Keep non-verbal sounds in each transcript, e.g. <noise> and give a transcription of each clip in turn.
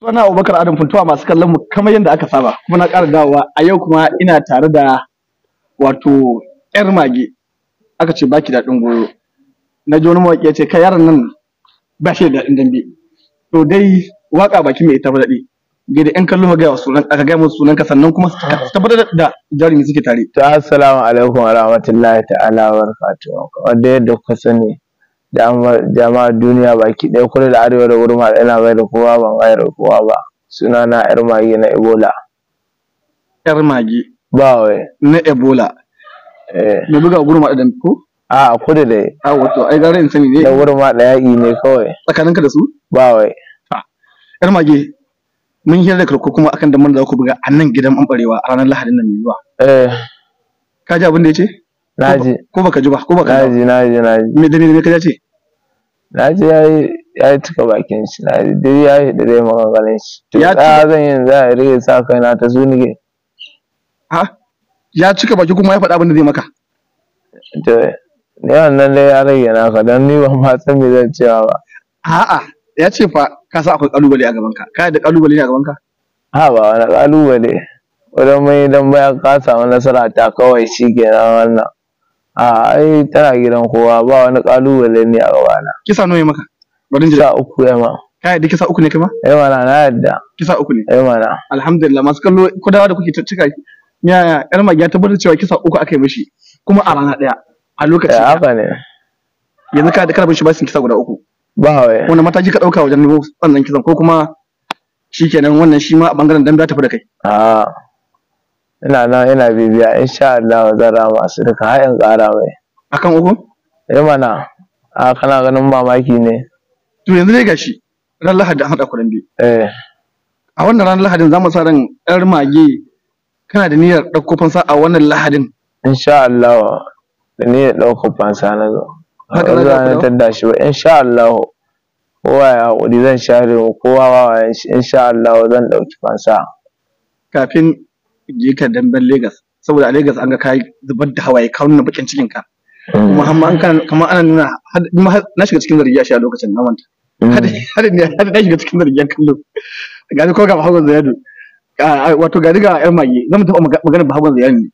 Suna Abubakar Adam Funtuwa masu kallon mu kamar yadda aka saba kuma na ƙara dawowa a yau kuma ina tare da wato ƴar mage aka ce baki daɗin goyo na ji wani mawaƙi ya ce kai yaron nan ba shi da daɗin dambe to dai waƙa baki mai ita daɗi ga da ƴan kallon ga sunan aka ga musu sunan ka sannan kuma su tabbatar da jarumi suke tare Ta assalamu alaikum wa rahmatullahi ta'ala wa barakatuh wanda yadda kuka sani jama'ar jama'a duniya baki ɗaya kudu da arewa da wurin yana bai da kowa ban da kowa ba suna na yar magi na ebola yar magi ba wai na ebola eh me buga gurma da ko a kudu da a wato ai garin sani ne da wurin da yaƙi ne kawai tsakaninka da su ba wai yar magi mun hira da karko kuma akan damar da za ku buga a nan gidan ɓanɓarewa a ranar lahadin nan mai zuwa eh ka ji abin da ya ce naji ko baka ji ba ko baka ji, naji naji me da me ka ce naji yayi yayi tuka bakin shi naji dai yayi da dai maganganun shi to da zan yi za a rike sa kai na ta zunige ha ya cika baki kuma ya faɗa abin da zai maka to ne wannan dai ya rage naka dan ni ba ma san me zan cewa ba a'a ya ce fa ka sa akwai kalubale a gaban ka kai da kalubale ne a gaban ka ha ba wani kalubale wajen mai dan bayan ka samu nasara ta kawai shi kenan wannan a ai tana gidan kowa ba wani kalubale ne a gabana kisa nawa maka bari ji kisa uku ya ma ka yadda kisa uku ne kai ma eh mana na yadda kisa uku ne eh mana alhamdulillah masu kallo kudawa da kuke cika ya yar magiya tabbatar cewa kisa uku aka yi mishi kuma a rana daya a lokaci eh, haka ne yanzu ka da karbin shi ba sun kisa guda uku ba wai Wani mataki ka dauka wajen nemo sannan kisan ko kuma shikenan wannan shi ma a bangaren dambe ta fi da kai a'a ah. ina nan ina bibiya insha Allah zan rama su duka har in ƙara mai akan uku eh mana a kana ganin mamaki ne to yanzu dai gashi ran lahadi an haɗa kuɗin biyu eh a wannan ran lahadin za mu sa ran yar mage kana da niyyar ɗauko fansa a wannan lahadin insha Allah da niyyar ɗauko fansa na zo haka za ta shi ba insha Allah kowa ya haƙuri zan share kowa wawa insha Allah zan ɗauki fansa kafin je ka damben Legas saboda a Legas an ga kai zubar da hawaye kawo na bakin cikin ka kuma amma an kan kamar ana nuna na shiga cikin zargi a shi a lokacin na manta mm. har ne har na shiga cikin zargi kallo Ga ni ko ga Bahagon Zayadu wato ga ga ƴan mage zan taɓa magana Bahagon Zayadu ne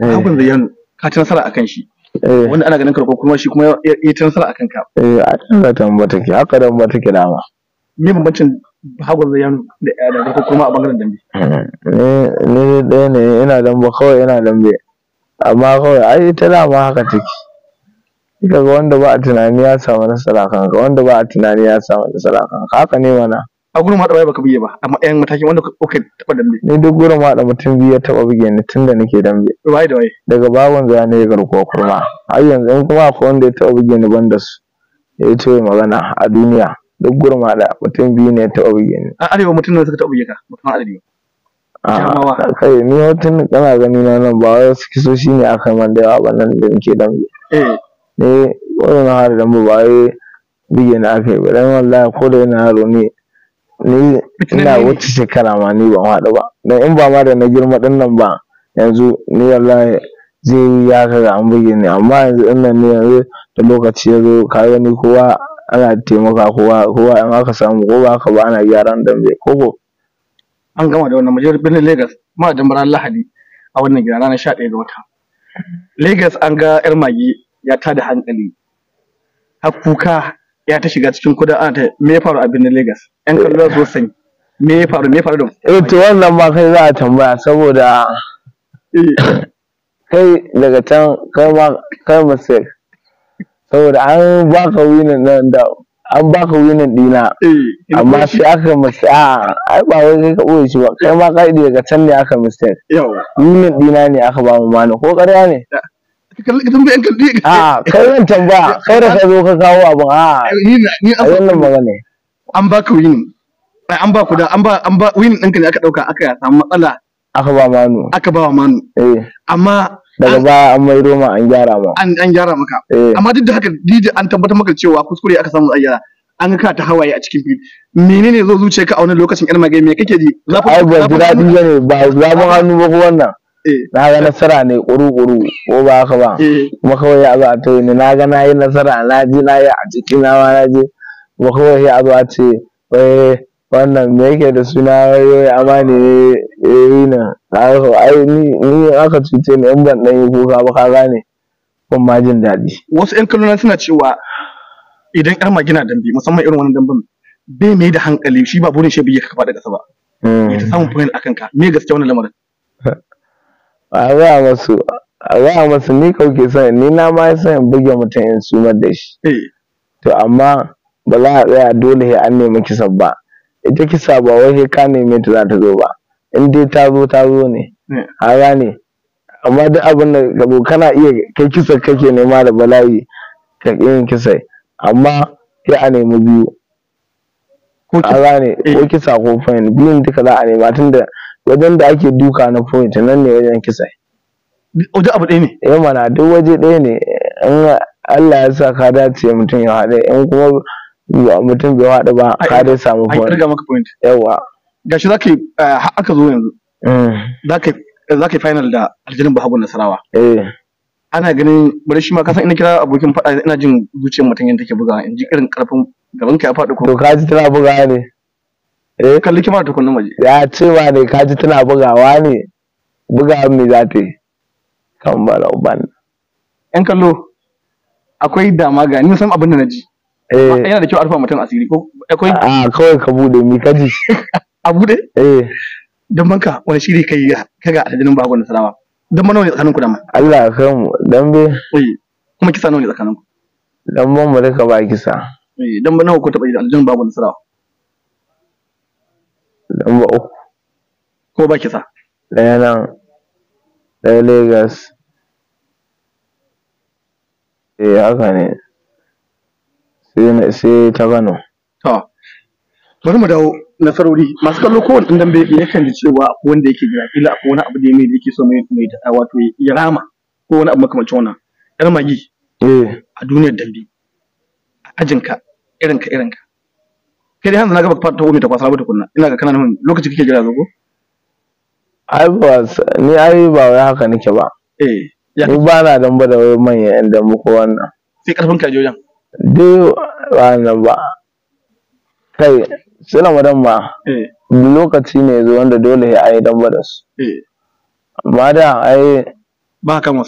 eh. Bahagon Zayadu ka ci nasara akan shi eh. wanda ana ganin karko kuma shi kuma ya ci nasara akan ka eh a tsara tambata ke haka da mata ke dama me bambancin hagwar ya da ko kuma a bangaren dambe eh, ni ɗaya ne ina dambe kawai ina dambe amma kawai ai ita dama haka take ita ga wanda ba a tunani ya samu nasara kanka wanda ba a tunani ya samu nasara kanka haka ne mana a gurin haɗa baka biye ba amma ɗayan matakin wanda kuka taɓa dambe ni duk gurin haɗa mutum biyu ya taɓa buge ni tun da nake dambe waye da waye daga bagon za ne garkuwa kurma har yanzu in kuma akwai wanda ya taɓa buge ni ban da su ya yi magana a duniya duk da mutum biyu ne ta obi ni a arewa mutum ne suka ta buge ka mutum arewa a kai ni mutum kana gani na nan ba wai su kiso shi ne aka man da yawa ba nan da muke dan ne wani na har dan ba wai buge na aka yi ba dan wallahi ko da yana haro ne ni ina wuce shekara ma ni ban haɗu ba dan in ba ma da na girma din nan ba yanzu ni wallahi zai yi ya kaga an buge ni amma yanzu in nan ne yanzu da lokaci ya zo ka ni kowa ana taimaka kowa kowa in aka samu ko ba haka ba ana gyaran dambe ko an gama da wannan mujer birnin Lagos ma da muran Lahadi a wannan gida ranar 11 ga wata Lagos an ga yar magi ya tada hankali har kuka ya ta shiga cikin kudan ana ta me ya faru a birnin Lagos yan kallo su sani me ya faru me ya faru da eh to wannan ma kai za a tambaya saboda eh. kai daga can kai ma kai mistake saboda an baka winan nan da an baka winan dina eh, amma sai aka mace a ai ba wai kai ka boye shi ba kai ma kai daga can ne aka mistake winan dina ne aka ba mu mana ko ƙarya ne a kai zan tamba. kai da ka zo ka kawo abin a ni wannan magana an baka win an ba ku da an ba an ba win ɗinka ne aka ɗauka aka samu matsala aka ba manu aka ba manu eh. amma daga baya an mai roma an gyara ma an an gyara maka eh. amma duk da haka DJ an tabbatar maka cewa kuskure aka samu an an ka ta hawaye a cikin fili menene zo zuciya ka a wani lokacin ƴan magai me kake ji ai ba ji daɗi ba ne ba zamun hannu ba wannan eh. na ga nasara ne ƙuru-ƙuru ko ba haka ba eh. kuma kawai a zo a ta ne na ga na yi nasara na ji na yi a cikin na ma na je kuma kawai a zo a ce wannan me yake da suna yoyi amma ne yoyi na haihu ai ni in aka cuce ni in ban dan yi kuka ba ka gane kun ma jin daɗi wasu ƴan kallon suna cewa idan ƴar magina dambe musamman irin wani damben bai mai da hankali shi ba burin shi bai kafa da ƙasa ba ya hmm. ta samun point akan ka me gaskiya wani lamarin <laughs> a ba masu a ba masu ni kauke son ni na ma son buge mutum in sumar da shi eh. to amma ba za a tsaya dole sai an nemi kisan ba ita kisa ba wai sai ka neme ta za ta zo ba in dai ta zo ta zo ne hmm. a gane amma duk abin da gabo kana iya kai kisa kake nema da bala'i ka yin kisa amma sai a nemi biyu a gane eh. ko kisa ko fain biyun duka za a nema tunda wajen da ake duka na point nan ne wajen kisa wajen abu ɗaya ne eh mana duk waje ɗaya ne in Allah ya sa ka dace mutum ya haɗe in kuma yawa mutum bai waɗa ba ka dai samu point an maka point yawa gashi za ka yi eh, aka zo yanzu mm. eh, za ka yi final da aljanin bahagun nasarawa eh ana ganin bari shi ma kasan ina kira abokin faɗa ina jin zuciyar mutum yadda take bugawa in ji irin karfin gaban ka ya faɗi ko to ka ji tana bugawa ne eh kalli kima tukunna maje ya ce ba ne ka ji tana bugawa ne bugawa mai za ta yi kan bala uban yan kallo akwai dama ga ni san abin da na ji Eh. yana da kyau a rufa mutum asiri ko akwai a ah, kawai ka bude mi kaji <laughs> a bude eh dan banka wani shiri kai kaga alhadin bago na salama dan mana wani tsakanin ku dan Allah ya kai mu dan be eh kuma kisa nawa ne tsakanin ku dan ban mu rika ba kisa eh dan ba nawa ku taba yi alhadin bago na salama dan ba uku ko ba kisa daya nan daya Lagos eh haka ne sai ta Kano. bari mu dawo nasarori masu kallo kowane ɗan dambe yakan ji cewa wanda yake jira kila ko wani abu da ya mai da yake so mai mai wato ya rama ko wani abu makamancin wannan yar magi eh. a duniyar dambe a ajinka irinka irinka kai dai hanzu na gaba fara tawo mai takwasa ba kunna. ina ga kana nan lokaci kake jira zago ai ba ni ai ba wai haka nake ba eh ni ba na damba da wai manyan yan dambe ko wannan sai karfin kaje wajen duk ranar ba kai sai ramadan ma eh. lokaci ne zo wanda dole ya ayi dan da su eh. amma da ai ba ka da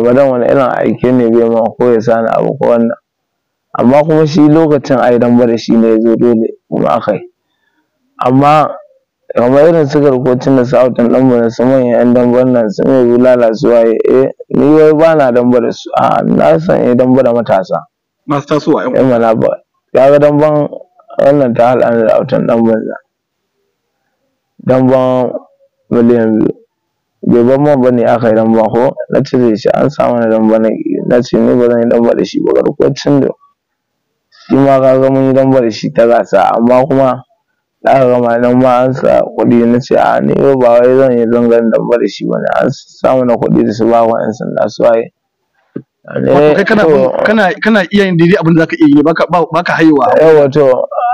ramadan wani irin aiki ne bai ma ko ya sani abu ko wannan amma kuma shi lokacin ayi dan da shi ne ya zo dole kuma akai, amma kamar irin su garkocin da su autan ɗanmu da su manya 'yan dambar nan su mai bulala su waye eh ni wai ba na damba da su a na san eh damba da matasa masu tasowa yan yan mana ba ya ga damban wannan ta halana da autan ɗan banza damban miliyan biyu bai ban man ne aka yi damban ko na cire shi an samu na damba na ce ni ba zan yi damba da shi ba garkocin da shi ma ka ga mun yi damba da shi ta gasa amma kuma da aka gama nan ma an sa kuɗi na ce a ni ba wai zan yi zangan da ba da shi ba an samu na kuɗi da su ba wa 'yan sanda su waye eh, kana iya yin daidai abin da zaka iya yi baka haihuwa yawa to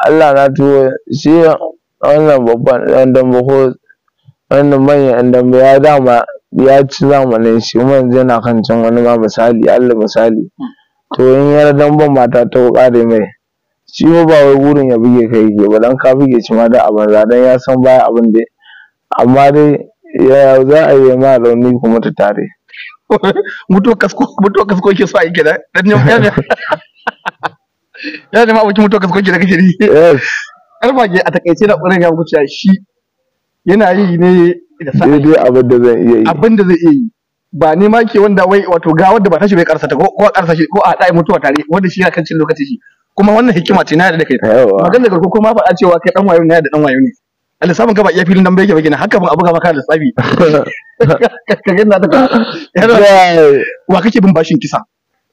Allah na tuwo shi wannan babban ɗan dambe ko wannan manyan ɗan dambe ya dama ya ci zamanin shi man yana kan can wani ma misali Allah misali hmm. to in yar damben mata ta ƙare mai shi ba wai burin ya buge ka yake ba dan ka buge shi ma da abin banza dan ya san baya abin da amma dai ya za a yi ma launi kuma ta tare <laughs> mutuwa kasko mutuwa kasko ke so a yi kenan dan ne ya ya <laughs> ma abokin mutuwa kasko ke da kake ni yes <laughs> ke a takaice da ƙurin ya wuce shi yana yi ne da sa'a daidai abin da zai iya yi abin da zai iya yi ba ni ma ke wanda wai wato ga wanda ba tashi bai karsa ta ko a karsa shi ko a haɗa mutuwa tare wanda shi yana kan cin lokaci shi kuma wannan hikima ce na da kai magana da ko ma faɗa cewa kai dan wayo ne da dan wayo ne Allah samun gaba iya filin dan bai gaba na haka ban abu maka da tsabi <laughs> ka gina ta wa kake bin bashin kisa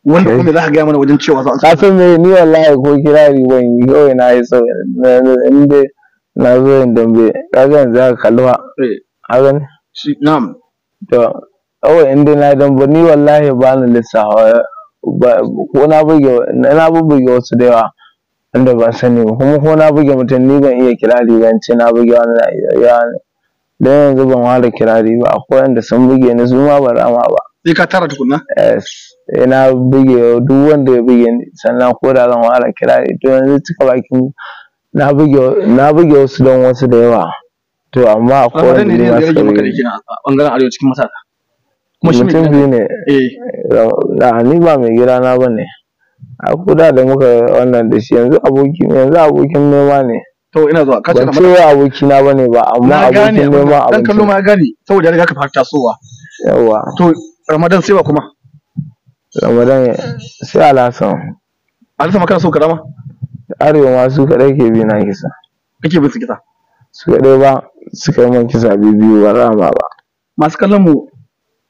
wanda kuma za ka gaya mana wajen cewa za a san me ni wallahi ko kirari ban yi kawai na yi sau inda na zo inda dambe kaga yanzu eh. ka kalluwa a shi na'am to awa inda na dan ba ni wallahi ba na lissafa ko na buge na bubuge wasu da yawa inda ba sani ba kuma ko na buge mutum ni ban iya kirari ban ce na buge wani na iya ne dan yanzu ban ware kirari ba akwai wanda sun buge ni su ma ba rama ba sai ka tara tukuna. yes ina buge duk wanda ya buge ni sannan ko da zan ware kirari to yanzu cika bakin na buge na buge wasu don wasu da yawa to amma akwai wanda ne ya buge maka da arewa cikin matasa mutum biyu ne da eh. ni ba mai gida na ba ne a kuda da muka wannan da shi yanzu abokin yanzu abokin noma ne to ina zuwa kace da mutum aboki na bane ba amma abokin noma abokin dan kallo ma gane saboda riga ka fara tasowa yawa to ramadan sai ba kuma ramadan sai alhassan alhassan kana so karama arewa ma su kadai ke bi na kisa kake bi su kisa su kadai ba su kai man kisa biyu ba rama ba masu kallon mu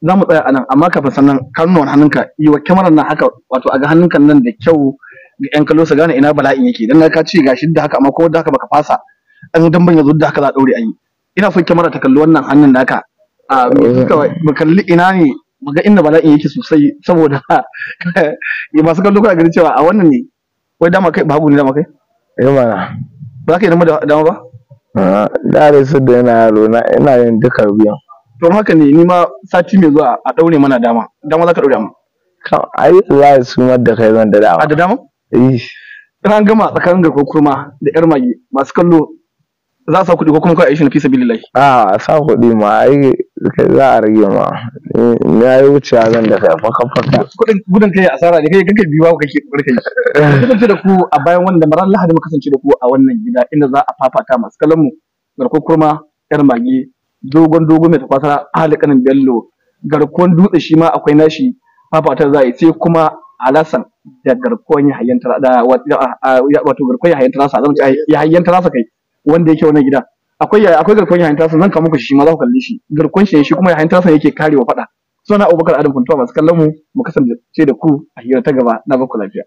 za mu tsaya a nan amma kafin sannan ka nuna wani hannunka yi wa kyamarar nan haka wato a ga hannunka nan da kyau ga yan kallo su gane ina bala'in yake dan ka ci gashi da haka amma ko da haka baka fasa an dan ban zuwa da haka za a daure ayi. ina son kyamarar ta kalli wannan hannun naka a mu kalli ina ne mu ga inda bala'in yake sosai saboda <laughs> masu kallo kuna ganin cewa a wannan ne wai dama kai hagu ne dama kai eh mana ba ka yi dama ba ah, da da su da yana yaro na ina yin duka biyan don haka ne ni ma sati mai zuwa a daure mana dama dama za ka daure mu kan ai wallahi su ma da kai zan da dama a da dama eh ran gama tsakanin garko kurma da yar magi masu kallo za sa kuɗi ko kuma kawai a yi shi na fisa bilillahi a sa kuɗi ma ai za a rage ma na yi wuce zan da kai faka faka kuɗin gudun kai asara ne kai kanka biyu ba kake barka yi kasance da ku a bayan wannan maran lahadi mu kasance da ku a wannan gida inda za a fafata masu kallon mu garko kurma yar magi dogon dogon mai tafasa halikanin bello garkuwan dutse shi ma akwai nashi fafatar za a yi sai kuma alasan da garkuwan yahayen da wato garkuwan yahayen tarasa zan ce hayyanta tarasa kai wanda yake wannan gida akwai akwai garkuwan yahayen nasa? zan kawo muku shi ma za ku kalle shi garkuwan shi shi kuma yahayen nasa yake karewa fada suna Abubakar Adam Kuntuwa masu kallon mu mu kasance da ku a hira ta gaba na baku lafiya